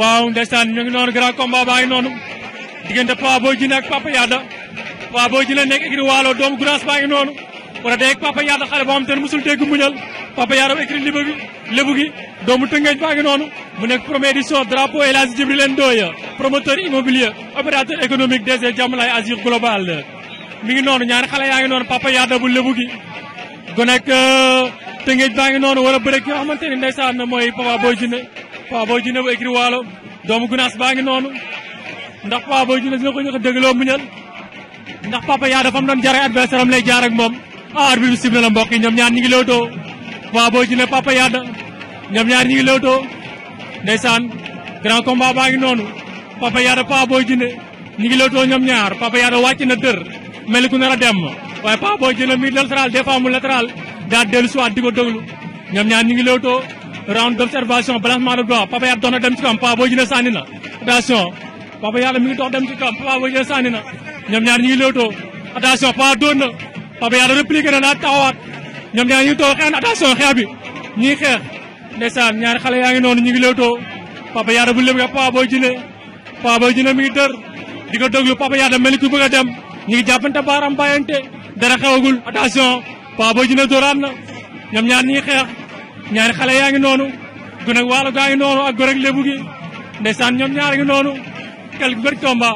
waaw ndeysaan ñu ngi noonu grand combat baa ngi noonu diggante Papa Boy Djiné ak Papa Yada Papa boo Djiné nekk écurie Waalo doomu Gounass baa ngi noonu war a dee ak Papa Yada xale boo xam te ne musul dégg muñal Papa Yada écurie Lébu gi Lébu gi doomu Tëngéej baa ngi noonu mu nekk première édition drapeau El Hadji Djibril Ndoye promoteur immobilier opérateur économique DG Diamalaye Agir Global mi ngi noonu ñaari xale yaa ngi noonu Papa Yada bu Lébu gi gu nekk euh, Tëngéej baa ngi noonu war a bëre ki nga xamante ne ndeysaan mooy Papa Boy Paa Boy Djiné bu écrit waalo doomu gunaas baa ngi noonu ndax Paa Boy Djiné dina ko jox dëggloo muñal ndax Papa Yada fam doon jare adversaire am lay jaar ak moom ah bi sifflé na la mbokk yi ñoom ñaar ñi ngi lewtoo Paa Boy Djiné Papa Yada ñaar ñi ngi lewtoo ndeysaan grand combat baa ngi noonu Papa Yada Paa Boy Djiné ñi ngi lewtoo ñoom ñaar Papa Yada wàcc na dër mel ni ku nar a dem waaye Paa Boy Djiné mi latéral des fois mu latéral daa dellu si waat di ko déglu ñoom ñaar ñi ngi lewtoo round d'observation balancement de doigt Papa Yade dox na dem ci kawam Papa Boy na ngi dox dem ci kawam Papa Boy Djiné sànni na ñoom ñaar ñu ngi léewtoo attention Papa dóor na Papa Yade répliqué na daa taxawaat ñoom ñaar ñu ngi xeex na attention xeex bi ñuy xeex ndeysaan ñaari xale yaa ngi noonu ñu ngi léewtoo Papa Yade bu léegi Papa Boy Djiné Papa Boy Djiné mi ngi dër di ko déglu Papa Yade mel ni ku a dem ñu ngi jàppante baaraam bàyyante dara xewagul attention Papa Boy Djiné dóoraat na ñaari xale yaa ngi noonu gun ak waalo gaa ngi noonu ak góor ak lébu gi ndeysaan ñoom ñaar ngi noonu quelque bëri tomba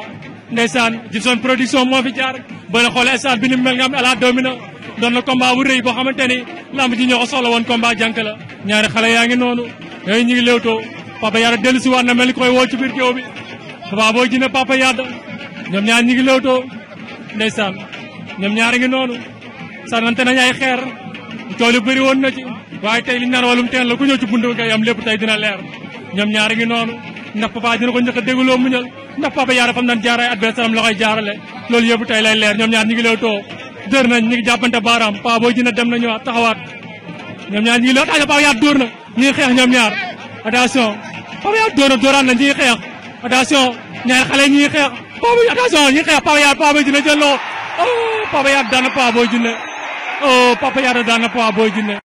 ndeysaan Jibson production moo fi jaar boo leen xoolee stade bi ni mu mel nga am ne ala domina doon na combat bu rëy boo xamante ni lamb ji ñoo ko soxla woon combat jànk la ñaari xale yaa ngi noonu yooyu ñu ngi léewtoo Papa Yada dellu si waat na mel ni koy woo ci biir géew bi Papa Boy Djiné Papa Yada ñoom ñaar ñu ngi léewtoo ndeysaan ñoom ñaar ngi noonu sànnante nañ ay xeer coow li bëri woon na ci waaye tey li ñu naan wàllum teen la ku ñëw ci buntu ngay am lépp tey dina leer ñoom ñaari ngi noonu ndax papa dina ko njëkk a dégloo mu ñal ndax papa yaara fam nan jaar ay adversaire am la koy jaarale loolu yëpp tey lay leer ñoom ñaar ñi ngi leew too dër nañ ñi ngi jàppante baaraam na ñi ngi leew attention papa yaar dóor na ñi xeex ñoom ñaar attention papa yaar dóor na dóoraan na ñi xeex attention ñaari xale ñi xeex papa attention ñi yaar papa dina yaar dina oh Papa Yada daan na Papa Boy Djiné